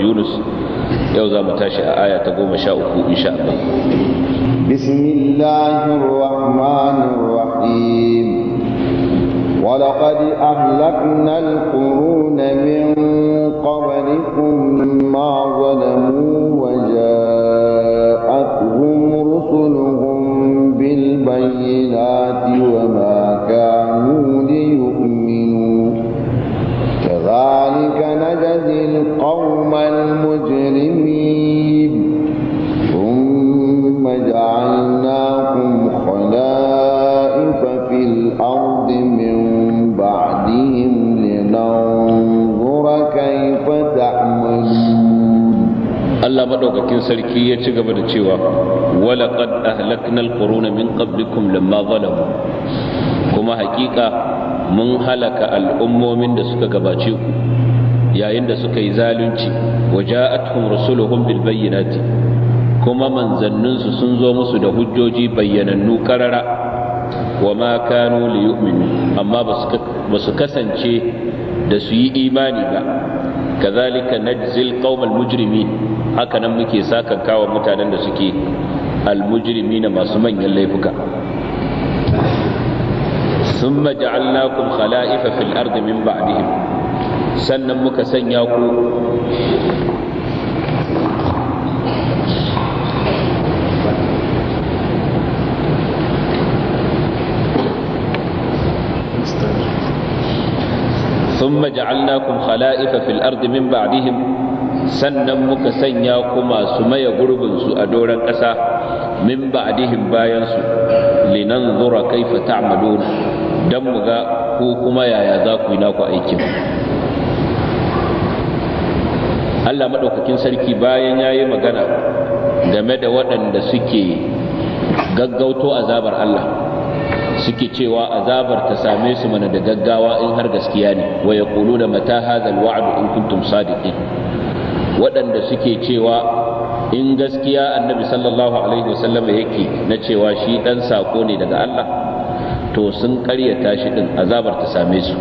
يونس يوزا متاشي آية تقوم شاء إن شاء الله بسم الله الرحمن الرحيم ولقد أهلكنا القرون من قبلكم ما ظلموا madaukakin sarki ya ci gaba da cewa walaqad ahlakna alquruna min qablikum lamma zalamu kuma haƙiƙa mun halaka al'ummomin da suka gabace ku yayin da suka yi zalunci waja'atuhum rusuluhum bil bayyinati kuma manzanninsu sun zo musu da hujjoji bayyanannu karara wa ma kanu li yu'minu amma ba su kasance da su yi imani ba kazalika najzil qaumal mujrimin hakanan nan muke sakankawa mutanen da suke almujrimi na masu manyan laifuka sun maja'allakun khala'ifa fil ardi min ba'dihim sannan muka sanya ku ثم جعلناكم خلائف في الأرض من بعدهم sannan muka sanya ku masu maye su a doron ƙasa min ba'dihim bayansu zura kaifa ta'malun dan mu ga ku kuma yaya za ku yi naku aikin Allah madaukakin sarki bayan yayi magana game da waɗanda suke gaggauto azabar Allah suke cewa azabar ta same su mana da gaggawa in har gaskiya ne wa kulu da mata hadha alwa'd in kuntum sadiqin waɗanda suke cewa in gaskiya annabi sallallahu alaihi wasallam yake na cewa shi ɗan sako ne daga Allah to sun ƙaryata shi ɗin azabar ta same su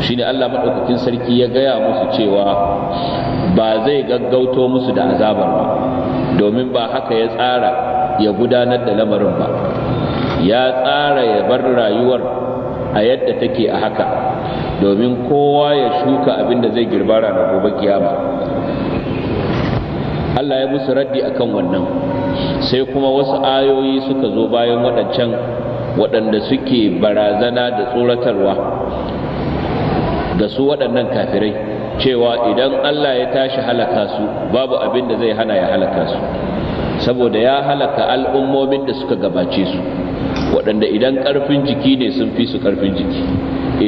shi ne Allah maɗaukakin sarki ya gaya musu cewa ba zai gaggauto musu da azabar ba domin ba haka ya tsara ya gudanar da lamarin ba ya tsara ya bar rayuwar a yadda take a haka domin kowa ya shuka abin da zai girba ranar gobe kiyama Allah ya musu raddi akan wannan sai kuma wasu ayoyi suka zo bayan waɗancan waɗanda suke barazana da tsoratarwa da su waɗannan kafirai cewa idan Allah ya tashi halaka su babu abin da zai hana ya halaka su saboda ya halaka al'ummomin da suka gabace su waɗanda idan ƙarfin jiki ne sun fi su ƙarfin jiki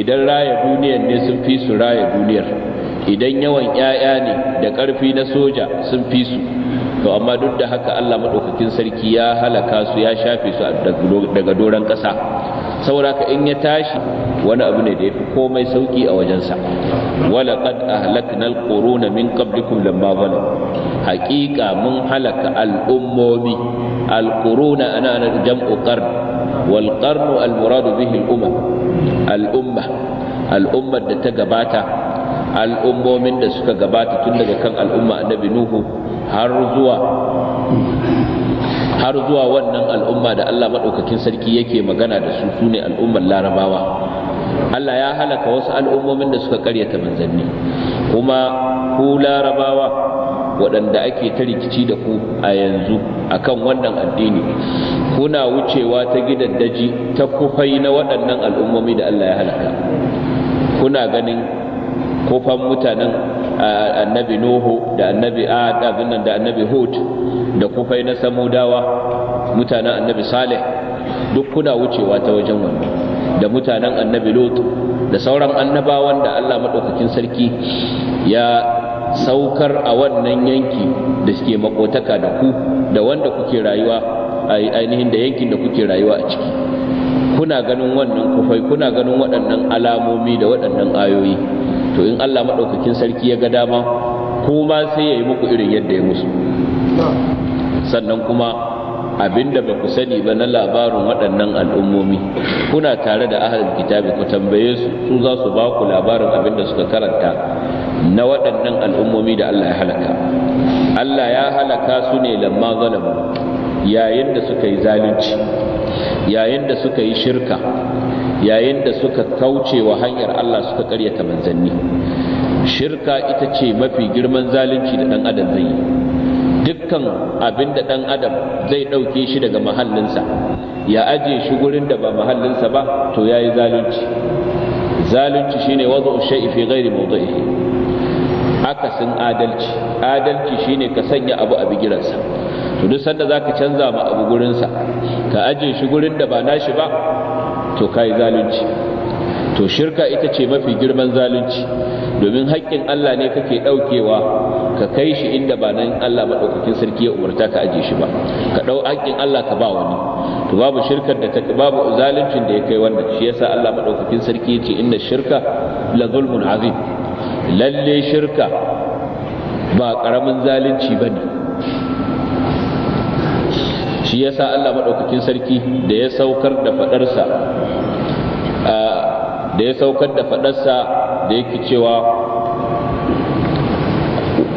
idan raya duniyar ne sun fi su raya duniyar idan yawan 'ya'ya ne da ƙarfi na soja sun fi su to amma duk da haka Allah madaukakin sarki ya halaka su ya shafe su daga doron ƙasa saboda ka in ya tashi wani abu ne da yafi komai sauki a wajensa wala qad ahlakna alquruna min qablikum lamma zalam haqiqa mun halaka al'ummomi alquruna ana ana jam'u qarn wal al murad bihi al umma al umma al umma da ta gabata al'ummomin da suka gabata tun daga kan al'umma annabi nuhu har zuwa har zuwa wannan al'umma da Allah maɗaukakin sarki yake magana da su sune al'ummar larabawa Allah ya halaka wasu al'ummomin da suka karyata manzanni kuma ku larabawa waɗanda ake ta rikici da ku a yanzu akan wannan addini kuna wucewa ta gidan daji ta kufai na waɗannan al'ummomi da Allah ya halaka kuna ganin kofan mutanen annabi nuhu da annabi ad abin da annabi hud da kufai na samudawa mutanen annabi salih duk kuna wucewa ta wajen wannan da mutanen annabi lut da sauran annabawan da Allah madaukakin sarki ya saukar a wannan yanki da suke makotaka da ku da wanda kuke rayuwa ainihin da yankin da kuke rayuwa a ciki kuna ganin wannan kufai kuna ganin waɗannan alamomi da waɗannan ayoyi to in Allah maɗaukakin sarki ya ga dama kuma sai ya yi muku irin yadda ya musu sannan kuma abinda ba ku sani ba na labarin waɗannan al'ummomi kuna tare da ahal kitabi ku tambaye su su za su ba ku labarin abinda suka karanta na waɗannan al'ummomi da Allah ya halaka Allah ya halaka su ne lamma zalamu yayin da suka yi zalunci yayin da suka yi shirka yayin da suka kauce wa hanyar Allah suka karyata manzanni shirka ita ce mafi girman zalunci da dan adam zai yi dukkan abin da dan adam zai ɗauke shi daga mahallinsa ya aje shi gurin da ba mahallinsa ba to yayi zalunci zalunci shine wada'u shay'i fi ghairi mawdi'ihi akasin adalci adalci shine ka sanya abu a bigiransa to duk sanda zaka canza ma abu gurinsa ka aje shi gurin da ba nashi ba to kai zalunci to shirka ita ce mafi girman zalunci domin haƙƙin Allah ne kake ɗaukewa ka kai shi inda ba nan Allah maɗaukakin sarki ya umarta ka aje shi ba ka ɗau haƙƙin Allah ka ba wani to babu shirkar da ta babu zaluncin da ya kai wannan shi yasa Allah maɗaukakin sarki yace inna shirka la zulmun azim lalle shirka ba ƙaramin zalunci bane shi yasa Allah madaukakin sarki da ya saukar da fadarsa da ya saukar da fadarsa da yake cewa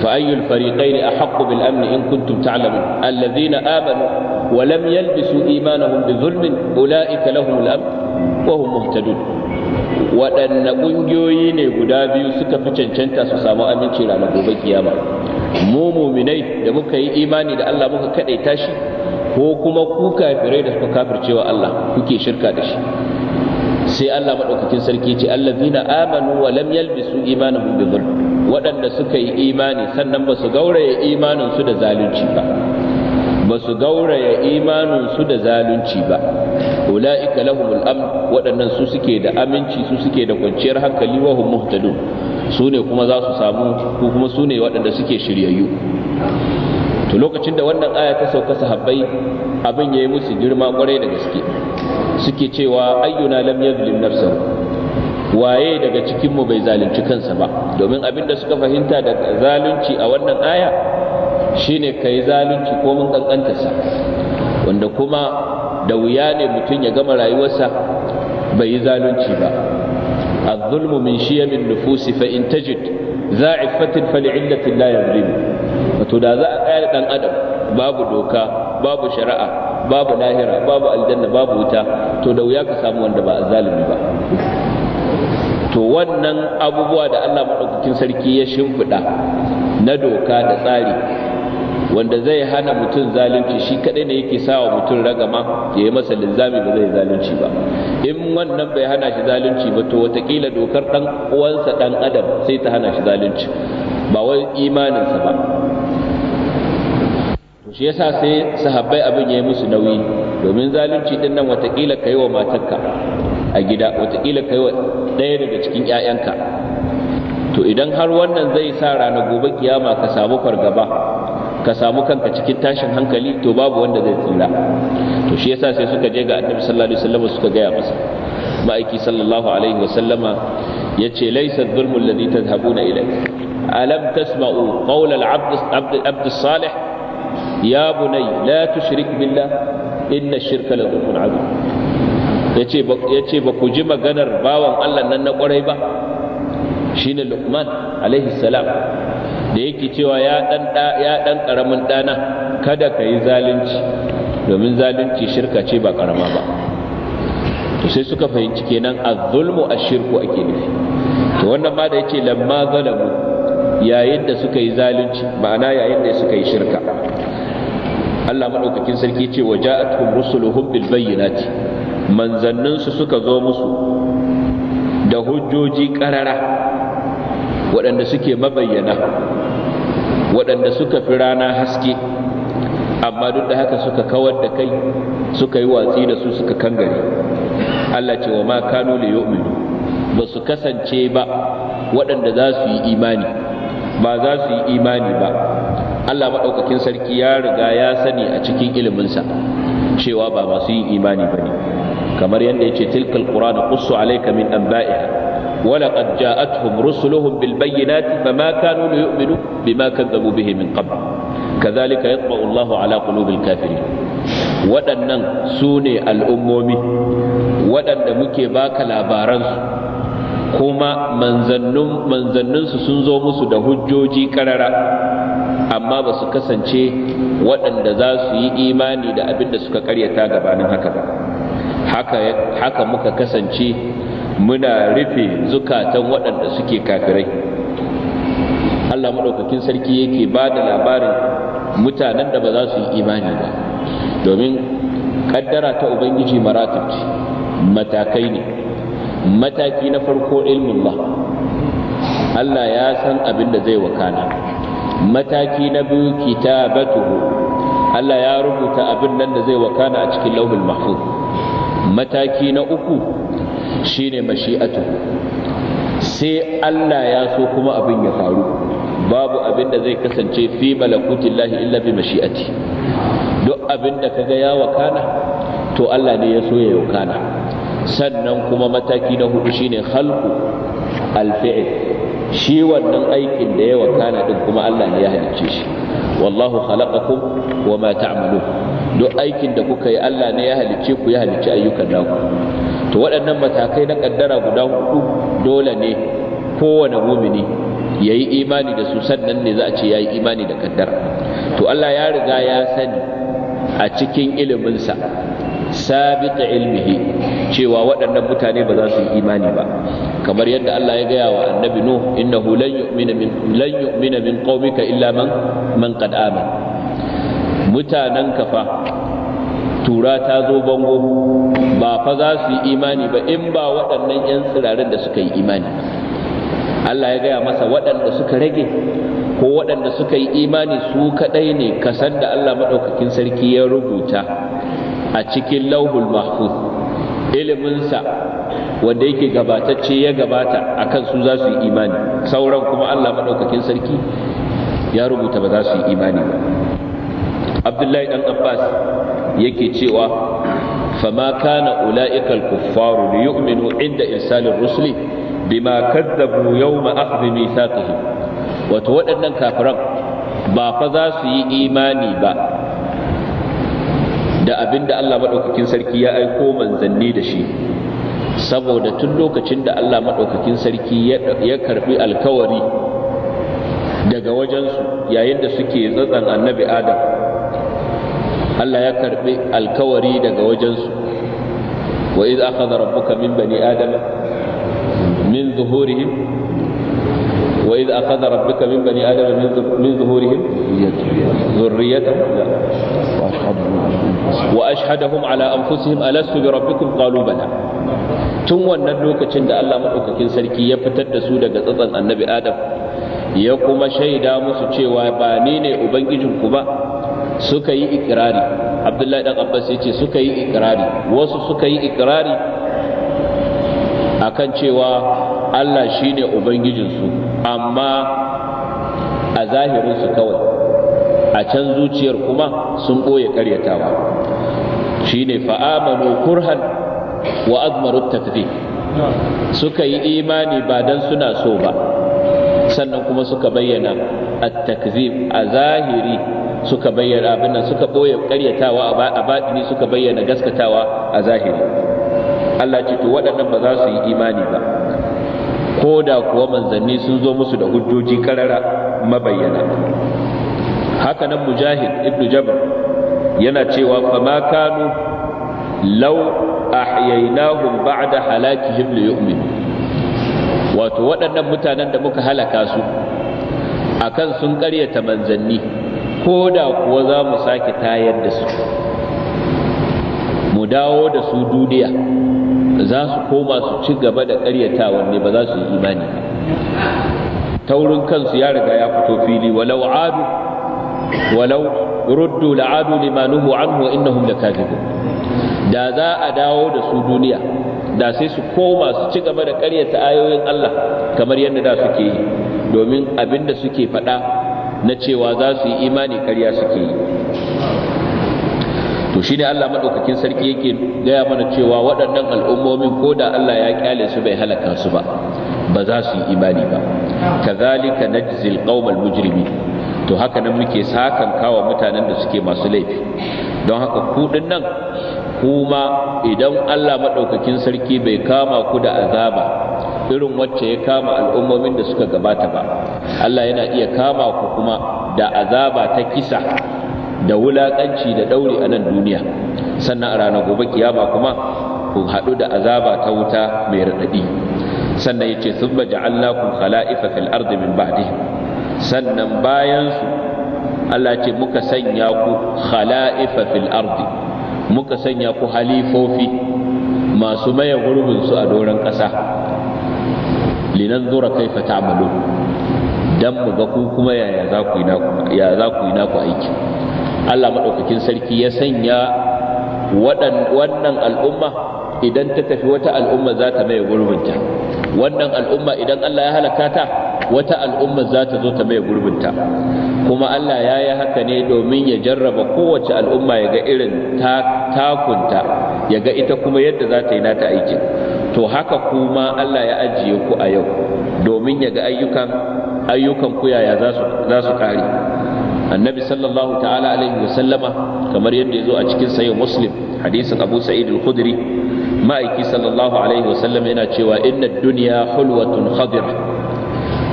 fa ayyul fariqayn ahqqu bil amn in kuntum ta'lamun alladhina amanu wa lam yalbisu imanahum bi dhulmin ulaika lahum al amn wa hum muhtadun waɗanne ƙungiyoyi ne guda biyu suka fi cancanta su samu aminci ranar gobe kiyama mu muminai da muka yi imani da Allah muka kaɗaita shi ko kuma ku kafirai da suka kafircewa Allah kuke shirka da shi sai Allah madaukakin sarki ce allazina amanu wa lam yalbisu imanuhum bi dhulm waɗanda suka yi imani sannan ba su gauraya imaninsu da zalunci ba ba su gauraya imaninsu da zalunci ba ula'ika lahumul amn waɗannan su suke da aminci su suke da kwanciyar hankali wa hum muhtadun su ne kuma za su samu ko kuma su ne waɗanda suke shiryayyu to lokacin da wannan aya ta sauka sahabbai abin ya yi musu girma kwarai da gaske suke cewa ayyuna lam yazlim nafsa waye daga cikin mu bai zalunci kansa ba domin abin da suka fahimta da zalunci a wannan aya shine kai zalunci ko mun kankantarsa wanda kuma da wuya ne mutum ya gama rayuwarsa bai yi zalunci ba الظلم من شيم النفوس فإن تجد ذا عفة فلعلة لا يظلم wato da za dan adam babu doka babu shari'a babu lahira babu aljanna babu wuta to da wuya ka samu wanda ba zalimi ba to wannan abubuwa da Allah madaukakin sarki ya shimfiɗa na doka da tsari wanda zai hana mutum zalunci shi kadai ne yake sawa mutum ragama ya yi masa linzami ba zai zalunci ba in wannan bai hana shi zalunci ba to watakila dokar dan uwansa dan adam sai ta hana shi zalunci ba wai imaninsa ba shi yasa sai sahabbai abin ya yi musu nauyi domin zalunci din nan watakila ka yi wa matarka a gida watakila ka yi wa ɗaya daga cikin 'ya'yanka to idan har wannan zai sa rana gobe kiyama ka samu fargaba ka samu kanka cikin tashin hankali to babu wanda zai tsira to shi yasa sai suka je ga annabi sallallahu alaihi wasallam suka gaya masa ma'aiki sallallahu alaihi wasallama yace laysa dhulmul ladhi tadhhabuna ilayhi alam tasma'u qawla al-abd abd as-salih ya bunai la tushrik billah inna shirka la zulmun azim yace yace ba ku ji maganar bawan Allah nan na kwarai ba shine Luqman alaihi salam da yake cewa ya dan ya dan karamin dana kada ka yi zalunci domin zalunci shirka ce ba karama ba to sai suka fahimci kenan az-zulmu ash-shirku ake nufi to wannan ma da yace lamma zalamu yayin da suka yi zalunci ma'ana yayin da suka yi shirka Allah madaukakin sarki ce wa ja'atuhum rusuluhum bil bayyinati manzannin su suka zo musu da hujjoji karara waɗanda suke mabayyana waɗanda suka fi rana haske amma duk da haka suka kawar da kai suka yi watsi da su suka kangare Allah ce wa ma kanu li yu'minu ba su kasance ba waɗanda za su yi imani ba za su yi imani ba Allah maɗaukakin sarki ya riga ya sani a cikin iliminsa cewa ba masu yin imani ba ne kamar yadda ya ce tilkal qur'ana qussu alayka min anba'iha ولقد جاءتهم رسلهم بالبينات فما كانوا ليؤمنوا بما كذبوا به من قبل كذلك يطبع الله على قلوب الكافرين waɗannan su ne al'ummomi waɗanda muke baka labaransu kuma manzanninsu sun zo musu da hujjoji ƙarara amma ba su kasance waɗanda za su yi imani da abin da suka karyata gabanin haka ba haka muka kasance muna rufe zukatan waɗanda suke kafirai Allah maɗaukakin sarki yake ba da labarin mutanen da ba za su yi imani ba domin ƙaddara ta ubangiji maratabci matakai ne mataki na farko ilmin ba. Allah ya san abin da zai wakana mataki na biyu kitabatuhu Allah ya rubuta abin nan da zai wakana a cikin lauhul mahfuz mataki na uku shine mashi'atuhu sai Allah ya so kuma abin ya faru babu abin da zai kasance fi malakutillahi illa bi mashi'ati duk abin da kaga ya wakana to Allah ne ya so ya wakana sannan kuma mataki na hudu shine khalqu al-fi'l shi wannan aikin da ya wakana din kuma Allah ne ya halicce shi wallahu khalaqakum wa ma ta'malun duk aikin da kuka yi Allah ne ya halicce ku ya halicci ayyukan naku to waɗannan matakai na kaddara guda hudu dole ne kowane mumini yayi imani da su sannan ne za a ce yayi imani da kaddara to Allah ya riga ya sani a cikin iliminsa sabit ilmihi cewa waɗannan mutane ba za su yi imani ba kamar yadda Allah ya gaya wa annabi nuh innahu lan yu'mina min lan yu'mina min qaumika illa man man qad aman mutanen kafa tura ta zo bango ba fa za su yi imani ba in ba waɗannan yan tsirarin da suka yi imani Allah ya gaya masa waɗanda suka rage ko waɗanda suka yi imani su kaɗai ne kasan da Allah maɗaukakin sarki ya rubuta a cikin lauhul mahfuz iliminsa wanda yake gabatacce ya gabata a kan su za su yi imani sauran kuma allah maɗaukakin sarki ya rubuta ba za su yi imani ba abdullahi dan abbas yake cewa fama kana ula'ikal kuffaru li yu'minu inda irsalin Rusli bima kaddabu yawma akhdhi mithaqihim wato waɗannan kafiran ba fa za su yi imani ba da abin da Allah maɗaukakin sarki ya aiko manzanni da shi saboda tun lokacin da Allah maɗaukakin sarki ya karɓi alkawari daga wajensu yayin da suke tsatsan annabi adam Allah ya karɓi alkawari daga wajensu wa iz akhadha rabbuka min bani Adam? min zuhurihim wa iz akhadha rabbuka min bani Adam min zuhurihim zurriyatahum wa ashhadahum ala anfusihim alastu bi rabbikum qalu bala tun wannan lokacin da Allah madaukakin sarki ya fitar da su daga tsatsan annabi adam ya kuma shaida musu cewa ba ni ne ubangijinku ba suka yi ikirari abdullahi dan abbas yace suka yi ikirari wasu suka yi ikirari akan cewa allah shine ubangijinsu amma a zahirinsu kawai a can zuciyar kuma sun ɓoye ƙaryatawa shi ne fa'amanu kurhan wa azmaru takdi suka yi imani ba don suna so ba sannan kuma suka bayyana at-takzib a zahiri suka bayyana abin suka ɓoye ƙaryatawa a baɗini suka bayyana gaskatawa a zahiri Allah ce to waɗannan ba za su yi imani ba ko da kuwa manzanni sun zo musu da hujjoji ƙarara mabayyana haka nan mujahid ibn jabr yana cewa fa ma kanu law ahyaynahum ba'da halakihim li yu'minu wato waɗannan mutanen da muka halaka su akan sun ƙaryata manzanni ko da kuwa za mu sake tayar da su mu dawo da su duniya za su koma su ci gaba da ƙaryatawa ne ba za su yi imani taurin kansu ya riga ya fito fili walau adu walau ruddu la'adu lima nuhu anhu wa innahum lakathibun da za a dawo da su duniya da sai su koma su ci gaba da ƙaryata ayoyin Allah kamar yadda da suke yi domin abin da suke faɗa na cewa za su yi imani ƙarya suke yi to shine Allah madaukakin sarki yake gaya mana cewa waɗannan al'ummomin ko da Allah ya kyale su bai halaka su ba ba za su yi imani ba kazalika najzil qaumal mujrimin to haka nan muke sakan kawo mutanen da suke masu laifi don haka kuɗin nan kuma idan Allah maɗaukakin sarki bai kama ku da azaba irin wacce ya kama al'ummomin da suka gabata ba Allah yana iya kama ku kuma da azaba ta kisa da wulaƙanci da ɗauri a nan duniya sannan a ranar gobe kiyama kuma ku haɗu da azaba ta wuta mai raɗaɗi sannan ya ce sun baje Allah kun khala'ifa fil ardi min ba'dihim sannan bayansu Allah ce muka sanya ku khala'ifa fil ardi muka sanya ku halifofi masu maye su a doron ƙasa linanzura kaifa ta'malun dan mu ga ku kuma yaya za ku yi naku ya za ku yi naku aiki Allah madaukakin sarki ya sanya wannan al'umma idan ta tafi wata al'umma za ta maye ta. wannan al'umma idan Allah ya halaka ta wata al'umma za ta zo ta mai gurbinta kuma Allah ya yi haka ne domin ya jarraba kowace al'umma ya ga irin takunta ya ga ita kuma yadda za ta yi nata aikin to haka kuma Allah ya ajiye ku a yau domin ya ga ayyukan ayyukan ku yaya za su kare annabi sallallahu ta'ala alaihi sallama, kamar yadda ya zo a cikin sayo muslim hadisin abu sa'id al-khudri ma'aiki sallallahu alaihi wa sallam yana cewa inna duniya dunya hulwatun khadira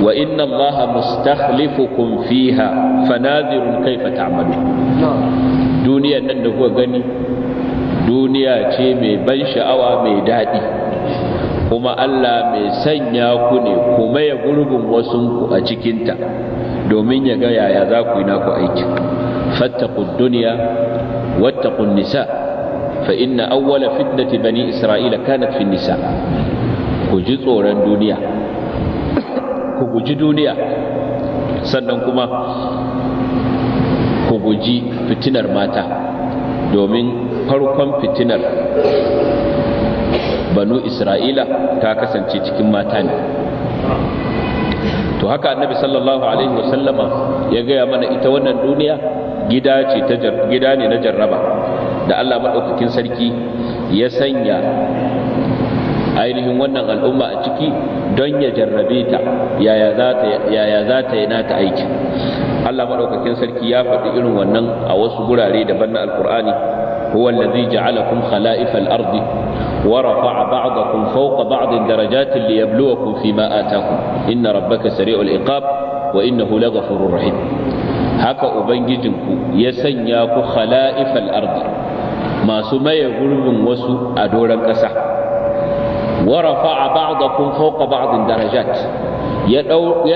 wa inna allaha mustakhlifukum fiha fanazirun kaifa ta'malu duniyar nan da kuka gani duniya ce mai ban sha'awa mai daɗi kuma Allah mai sanya ku ne kuma ya gurbin wasunku a cikinta domin ya ga yaya za ku yi naku aiki fattaqud dunya wattaqun nisa fa inna awwala fitnati bani isra'ila kanat fi nisa ku ji tsoron duniya ku guji duniya sannan kuma ku guji fitinar mata domin farkon fitinar banu isra'ila ta kasance cikin mata ne to haka annabi sallallahu alaihi wasallama ya gaya mana ita wannan duniya gida ce ta gida ne na jarraba da Allah madaukakin sarki ya sanya ainihin wannan al'umma a ciki don ya jarrabe ta yaya za ta yi nata aiki? Allah maɗaukakin sarki ya faɗi irin wannan a wasu gurare daban na alkur'ani huwa ja'ala ja'alakum khala'ifal ardi wa rafa'a ba'dakum fawqa ba'din darajatin liyabluwakum fima atakum inna rabbaka sari'ul iqab wa hula ga rahim haka ubangijinku ya sanya ku khala'ifal ardi masu maye gurbin wasu a doron ƙasa wa rafa'a ba'dakum fawqa ba'din darajat ya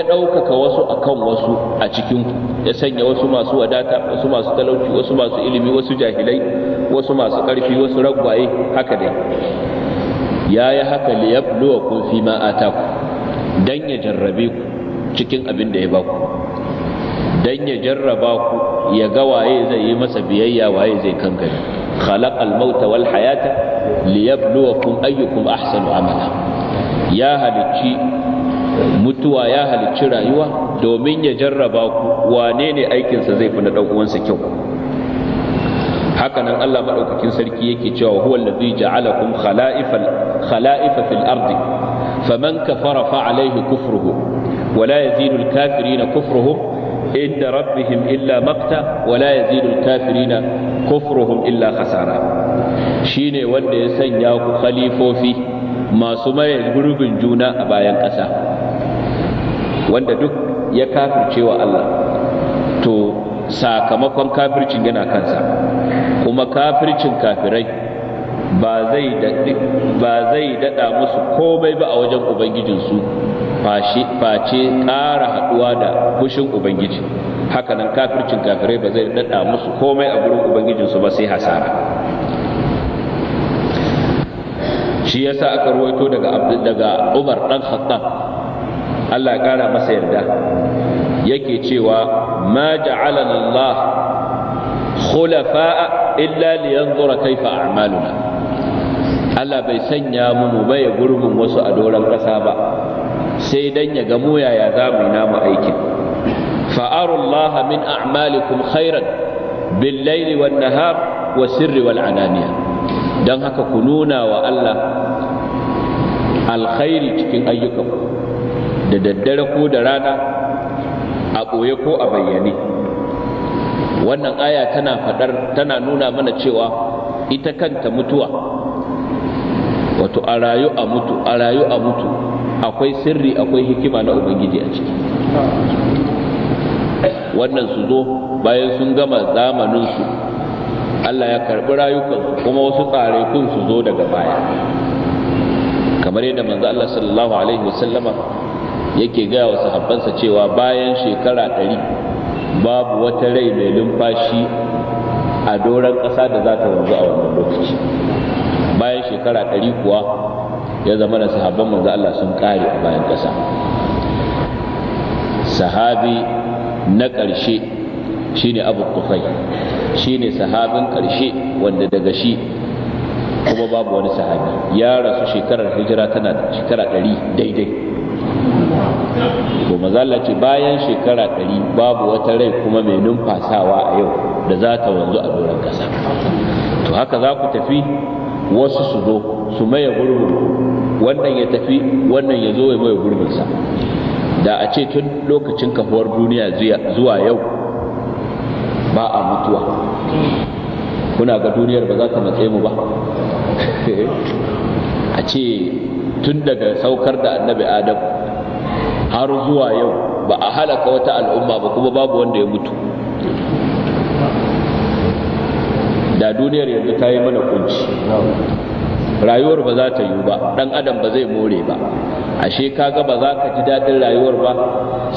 ɗaukaka wasu akan wasu a cikin ya sanya wasu masu wadata wasu masu talauci wasu masu ilimi wasu jahilai wasu masu ƙarfi wasu ragwaye haka dai ya yi haka liyabluwa kun fi ma'ata ku don ya jarrabe ku cikin abin da ya ba ku don ya jarraba ku ya ga waye zai yi masa biyayya waye zai kankare khalaqal mauta wal hayata liyabluwakum ayyukum ahsanu amala ya halicci mutuwa ya halicci rayuwa domin ya jarraba ku wane ne aikinsa zai fi na ɗan uwansa kyau hakanan Allah madaukakin sarki yake cewa huwa allazi ja'alakum khala'ifa khala'ifa fil ardi faman kafara fa alayhi kufruhu wa la kafirina kufruhum inda rabbihim illa maqta wa la kafirina kufruhum illa khasara Shi ne wanda ya sanya ku khalifofi masu maye gurbin juna a bayan ƙasa wanda duk ya kafircewa Allah to sakamakon kafircin yana kansa kuma kafircin kafirai ba zai dada musu komai ba a wajen ubangijinsu face ƙara haɗuwa da fushin ubangiji hakanan kafircin kafirai ba zai dada musu komai a gurin ubangijinsu ba sai hasara shi yasa aka ruwaito daga daga Umar dan Khattab Allah ya kara masa yarda yake cewa ma ja'alana Allah khulafa'a illa liyanzura kaifa a'maluna Allah bai sanya mu mu bai gurbin wasu a doron ƙasa ba sai dan ya ga mu yaya za mu yi namu aikin fa'aru Allah min a'malikum khairan bil laili wan nahar wa sirri wal ananiya don haka ku nuna wa Allah alkhairi cikin ayyukan da daddare ko da rana a ɓoye ko a bayyane wannan aya tana fadar tana nuna mana cewa ita kanta mutuwa wato a rayu a mutu a rayu a mutu akwai sirri akwai hikima na ubangiji a ciki wannan su zo bayan sun gama zamanin su. Allah ya karɓi rayukan kuma wasu tsare kun su zo daga baya kamar yadda manzo Allah sallallahu alaihi wasallama yake gaya wa sahabbansa cewa bayan shekara ɗari babu wata rai mai lumfashi a doron ƙasa da za ta wanzu a wannan lokaci bayan shekara ɗari kuwa ya zama da sahabban manzo Allah sun ƙare a bayan ƙasa sahabi na ƙarshe shine abu tufai Shi ne sahabin ƙarshe wanda daga shi kuma babu wani sahabi ya rasu shekarar hijira tana shekara ɗari daidai to mazala ce bayan shekara ɗari babu wata rai kuma mai numfasawa a yau da za ta wanzu a doron ƙasa to haka za ku tafi wasu su zo su maye gurbin wannan ya tafi wannan ya zo ya maye gurbinsa da a ce tun lokacin kafuwar duniya zuwa yau ba a mutuwa kuna ga duniyar ba za ta matse mu ba a ce tun daga saukar da annabi adam har zuwa yau ba a halaka wata al'umma ba kuma babu wanda ya mutu da duniyar yanzu ta yi mana kunci rayuwar ba za ta yiwu ba ɗan adam ba zai more ba ashe kaga ba za ka ji dadin rayuwar ba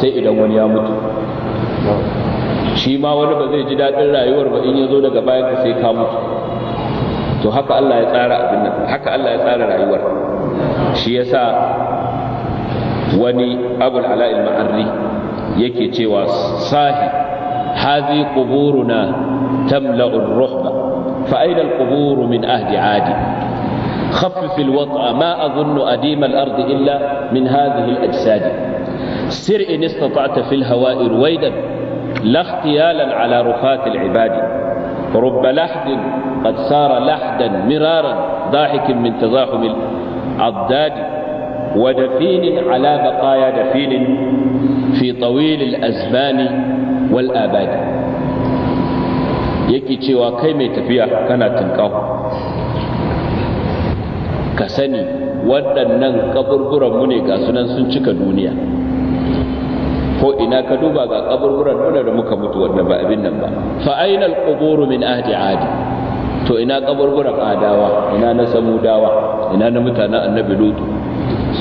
sai idan wani ya mutu shi ma wani ba zai ji daɗin rayuwar ba in ya zo daga bayan ka sai ka mutu to haka Allah ya tsara abin nan haka Allah ya tsara rayuwar shi yasa wani abul ala'il ma'arri yake cewa sahi hazi quburuna tamla'u ar-ruhba fa aina al-qubur min ahli 'adi خفف الوضع ما أظن أديم الأرض إلا من هذه الأجساد سر إن استطعت في الهواء رويدا لا اغتيالا على رفاة العباد رب لحد قد سار لحدا مرارا ضاحك من تزاحم العضاد ودفين على بقايا دفين في طويل الأزمان والآباد yake cewa kai mai tafiya kana tunkahu ka sani waɗannan kaburburanmu ne ga sunan sun cika duniya ko ina ka duba ga kaburburan nuna da muka mutu wannan ba abin nan ba fa aina alquburu min ahdi adi to ina kaburburan adawa ina na samudawa ina na mutanen annabi lutu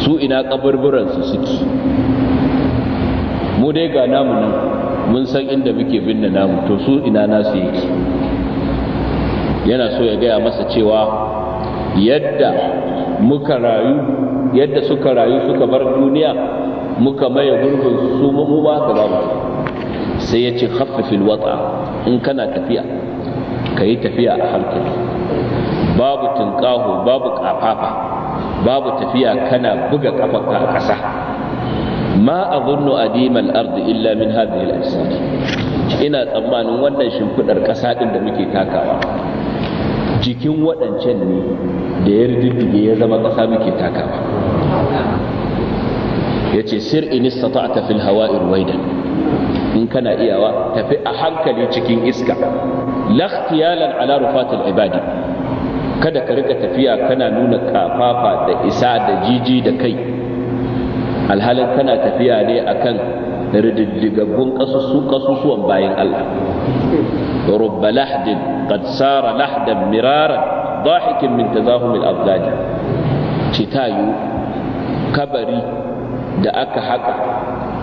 su ina kaburburan su suke mu dai ga namu nan mun san inda muke binne namu to su ina nasu yake yana so ya gaya masa cewa yadda muka rayu yadda suka rayu suka bar duniya muka maye gurbin su mu ba ka ba sai ya ce khaffifil wata in kana tafiya ka yi tafiya a hankali babu tunƙaho babu ƙafafa babu tafiya kana buga kafarka a ƙasa ma azunnu adimal ardi illa min hadhihi al ina tsammanin wannan shimfidar ƙasa din da muke takawa jikin waɗancan ne da ya riddige ya zama ƙasa muke takawa yace sir in istata'ta fil hawa'i ruwaida in kana iyawa tafi a hankali cikin iska la ikhtiyalan ala rufatil ibadi kada ka rika tafiya kana nuna kafafa da isa da jiji da kai alhalin kana tafiya ne akan rididdigaggun kasusuwan bayan Allah rubba lahdin qad sara lahdan miraran dahikin min tazahumil abdad citayu kabari da aka haƙa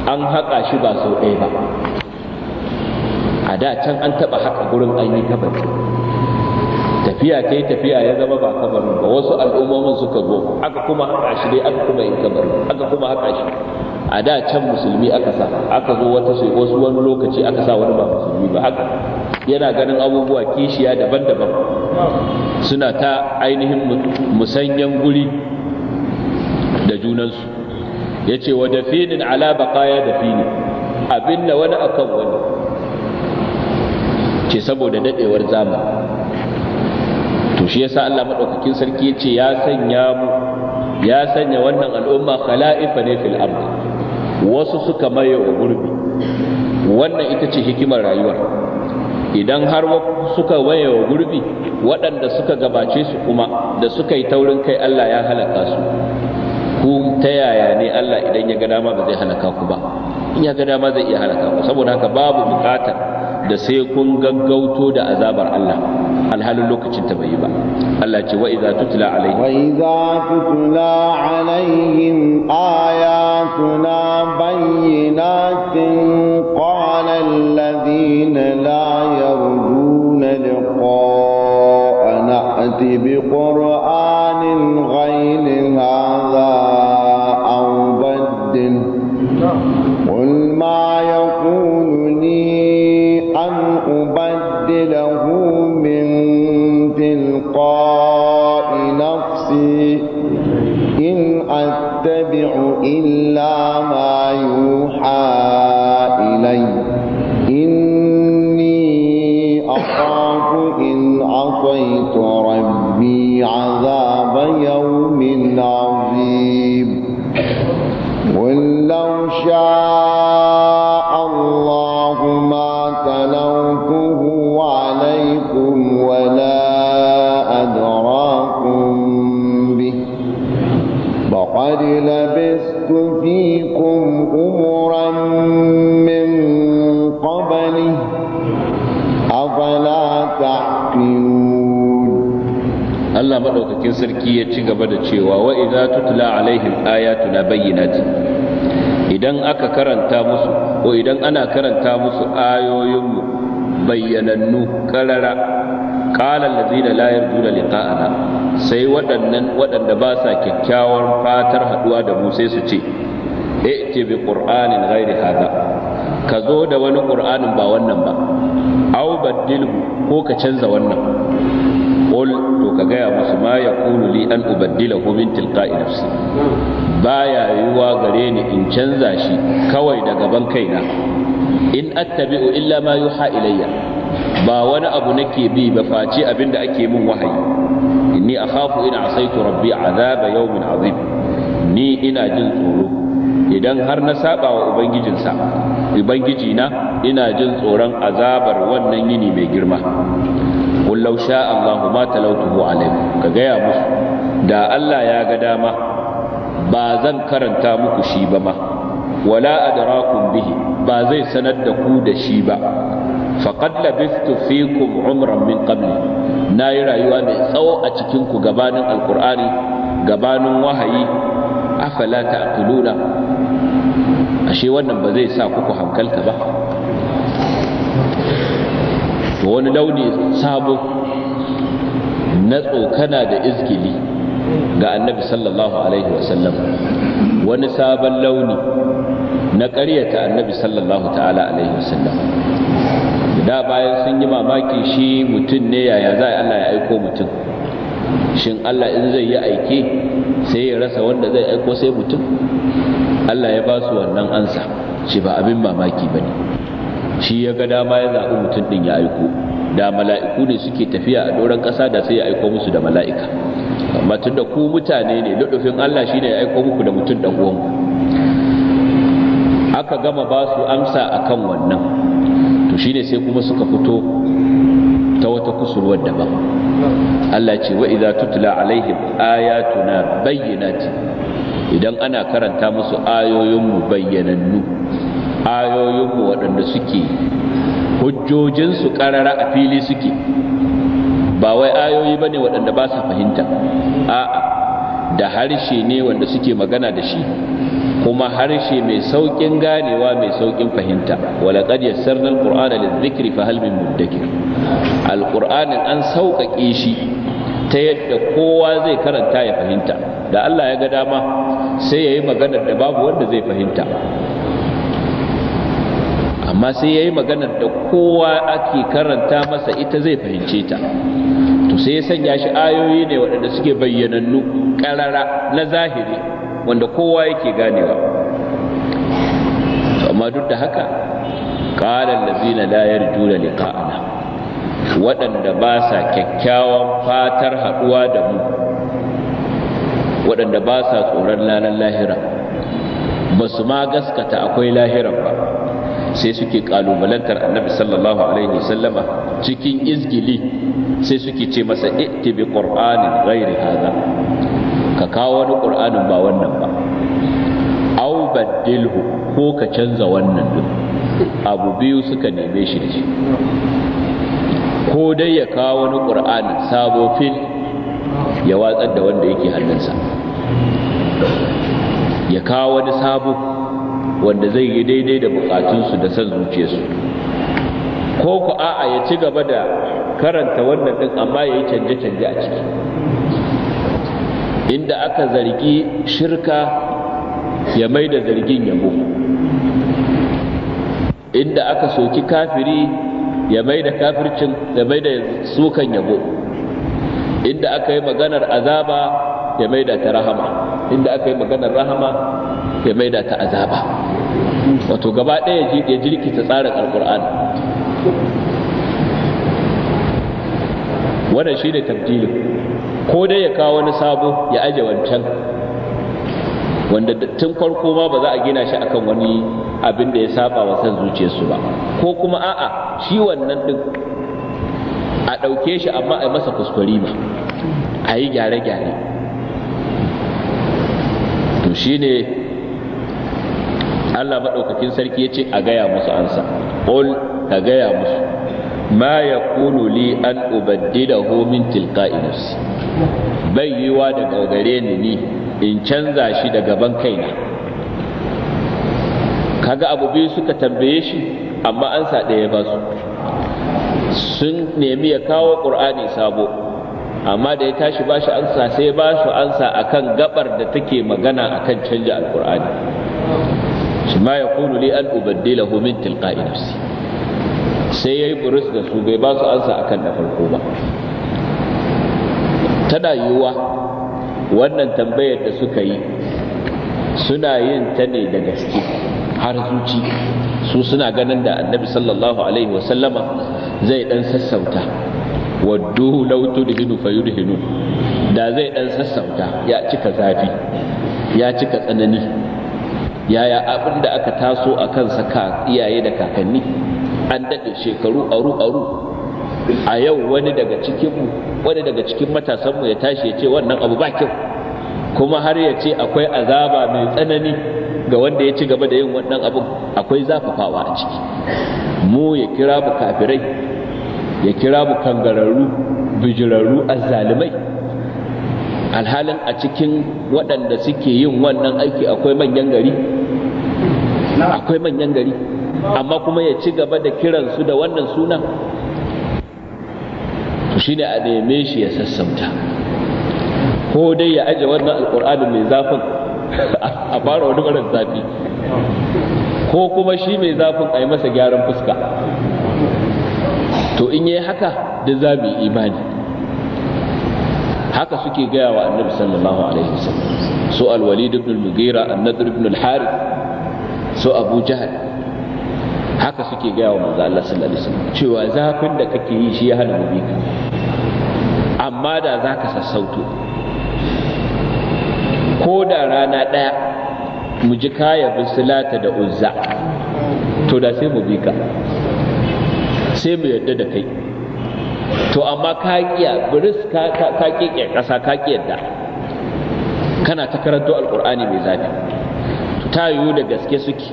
an haƙa shi ba sau ɗaya ba a da can an taɓa haƙa gurin an yi kabari tafiya ta yi tafiya ya zama ba kabarin ba wasu al'ummomin suka zo aka kuma haƙa shi dai aka kuma yin kabarin aka kuma haƙa shi a da can musulmi aka sa aka zo wata sai wasu wani lokaci aka sa wani ba musulmi ba haka yana ganin abubuwa kishiya daban-daban suna ta ainihin musanyen guri da junansu yace wa dafinin ala baqaya dafini abin da wani akan wani ce saboda dadewar zama to shi yasa Allah madaukakin sarki yace ya sanya mu ya sanya wannan al'umma khala'ifa ne fil ard wasu suka maye wa gurbi wannan ita ce hikimar rayuwar idan har suka maye wa gurbi waɗanda suka gabace su kuma da suka yi taurin kai Allah ya halaka su ku ta yaya ne Allah idan ya ga dama ba zai halaka ku ba in ya ga dama zai iya halaka ku saboda haka babu bukata da sai kun gaggauto da azabar Allah alhalin lokacin ta bai yi ba Allah ce wa idza tutla alaihim wa idza tutla alaihim ayatuna bayyinatin qala alladhina la yarjuna liqa'ana ati bi qur'an madaukakin sarki ya ci gaba da cewa wa idza tutla alaihim ayatuna bayyinati idan aka karanta musu ko idan ana karanta musu ayoyin bayyanannu karara qala allazina la yarjuna liqa'ana sai waɗannan waɗanda ba sa kyakkyawar fatar haɗuwa da mu sai su ce ce bi qur'anin ghairi hada ka zo da wani qur'anin ba wannan ba aw baddilhu ko ka canza wannan qul to ka gaya musu ma yaqulu li an ubaddilahu min tilqa'i nafsi baya yiwuwa gare ni in canza shi kawai daga gaban kaina in attabi'u illa ma yuha ilayya ba wani abu nake bi ba face abinda ake min wahayi inni akhafu in asaitu rabbi azaba yawmin azim ni ina jin tsoro idan har na saba wa ubangijinsa na ina jin tsoron azabar wannan yini mai girma qul law sha'a ma ka gaya musu da Allah ya ga dama ba zan karanta muku shi ba ma wala adrakum bihi ba zai sanar da ku da shi ba faqad labistu fikum umran min qabli nayi rayuwa mai tsawo a cikin ku gabanin alqur'ani gabanin wahayi afala ta'qiluna ashe wannan ba zai sa ku hankalta ba to wani launi sabo na tsokana da izgili ga annabi sallallahu alaihi wasallam wani sabon launi na ƙaryata annabi sallallahu ta'ala alaihi wasallam da bayan sun yi mamaki shi mutum ne yaya za Allah ya aiko mutum shin Allah in zai yi aike sai ya rasa wanda zai aiko sai mutum Allah ya ba su wannan ansa ce ba abin mamaki ba ne shi ya ga dama ya zaɓi mutum ɗin ya aiko da mala'iku ne suke tafiya a doron ƙasa da sai ya aiko musu da mala'ika amma tun da ku mutane ne ludufin Allah shi ne ya aiko muku da mutum ɗan uwanku aka gama ba su amsa a kan wannan to shi ne sai kuma suka fito ta wata kusurwar daban Allah ce wa idza tutla alaihim ayatuna bayyinati idan ana karanta musu ayoyin mu bayyanannu ayoyinku waɗanda suke hujjojinsu ƙarara a fili suke ba wai ayoyi ba ne waɗanda ba su fahimta a'a da harshe ne wanda suke magana da shi kuma harshe mai sauƙin ganewa mai sauƙin fahimta qad yassarna alqur'ana lidhikri fa hal min mudakkir alqur'anin an sauƙaƙe shi ta yadda kowa zai karanta ya fahimta da Allah ya ga dama sai yayi maganar da babu wanda zai fahimta amma sai yayi maganar da kowa ake karanta masa ita zai fahimce ta to sai ya sanya shi ayoyi ne waɗanda suke bayyanannu ƙarara na zahiri wanda kowa yake ganewa amma duk da haka ƙalar lazina la yarjuna liqa'ana waɗanda ba sa kyakkyawan fatar haɗuwa da mu waɗanda ba sa tsoron ranar lahira ba su ma gaskata akwai lahiran ba sai suke kalubalantar annabi sallallahu alaihi sallama cikin izgili sai suke ce masa iti bi qur'anin gairi haza ka kawo wani ƙur'anin ba wannan ba au baddilhu ko ka canza wannan duk abu biyu suka neme shi da shi ko dai ya kawo wani ƙur'anin sabo fil ya watsar da wanda yake hannunsa ya kawo wani sabo wanda zai yi daidai da bukatunsu da san zuciyarsu ko ku a'a ya ci gaba da karanta wannan din amma ya yi canje-canje a ciki inda aka zargi shirka ya mai da zargin yabo inda aka soki kafiri ya mai da kafircin ya mai da sukan yabo inda aka yi maganar azaba ya mai da ta rahama inda aka yi maganar rahama ya maida ta azaba wato gaba ɗaya ya jirkita tsarin alkur'ani wannan shi ne tabdilin ko dai ya kawo wani sabo ya aje wancan wanda tun farko ma ba za a gina shi akan wani abin da ya saba wa san zuciyarsu ba ko kuma a'a shi wannan din a ɗauke shi amma a masa kuskure ba a yi gyare-gyare to shi Allah maɗaukakin sarki ya ce a gaya musu ansa ƙul ka gaya musu ma ya kulu li an ubaddidahu min tilqa'i nafsi bai yiwa da gare ni ni in canza shi daga ban kaina kaga abu biyu suka tambaye shi amma ansa ɗaya ba su sun nemi ya kawo ƙur'ani sabo amma da ya tashi ba shi ansa sai ba su ansa akan gabar da take magana akan canja alƙur'ani ma ya kulu li an ubaddilahu min tilqa'i nafsi sai yayi burus da su bai ba su ansa akan da farko ba tana yiwuwa wannan tambayar da suka yi suna yin ta ne da gaske har zuci su suna ganin da annabi sallallahu alaihi sallama zai dan sassauta waddu lautu da hinu da zai dan sassauta ya cika zafi ya cika tsanani yaya abin da aka taso a kansa ka iyaye da kakanni an daɗe shekaru aru aru a yau wani daga wani daga cikin matasanmu ya tashi ya ce wannan abu ba kyau kuma har ya ce akwai azaba mai tsanani ga wanda ya ci gaba da yin wannan abin akwai zafafawa a ciki mu ya kira mu kafirai ya kira mu kangararru bijirarru azzalimai alhalin a cikin waɗanda suke yin wannan aiki akwai manyan gari akwai manyan gari amma kuma ya ci gaba da kiransu da wannan sunan to shine a neme shi ya sassauta ko dai ya aje wannan Alƙur'ani mai zafin a fara wani barin zafi ko kuma shi mai zafin a yi masa gyaran fuska to in yi haka da za mu yi imani haka suke gaya wa annabi sallallahu alaihi wasallam su alwalid ibn al-mughira an-nadr ibn al-harith su abu jahl haka suke gaya wa manzo Allah sallallahu alaihi wasallam cewa zafin da kake yi shi ya hana mu ka amma da zaka sassauto ko da rana daya mu ji kaya salata da uzza to da sai mu bi ka sai mu yadda da kai to amma ka kiya biris ka ka kiya kasa ka da kana ta karanto alqur'ani mai zafi ta yiwu da gaske suke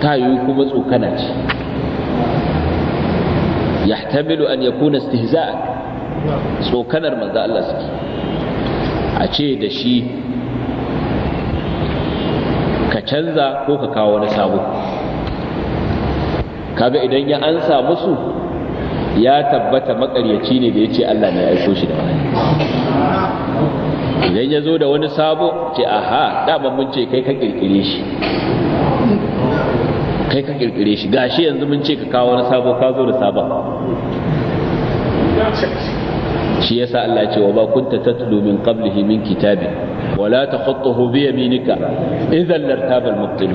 ta yiwu kuma tsokana ce yahtamilu an yakuna istihza'a tsokanar manzo Allah suke a ce da shi ka canza ko ka kawo wani sabo kaga idan ya ansa musu ya tabbata makaryaci ne da ya ce Allah ne ya aiko shi da wahayi idan ya zo da wani sabo ce aha daman mun ce kai ka kirkire shi kai ka kirkire shi gashi yanzu mun ce ka kawo wani sabo ka zo da sabon shi yasa Allah ce wa ba kunta tatlu min qablihi min kitabin ولا تخطه بيمينك إذا لارتاب المبطل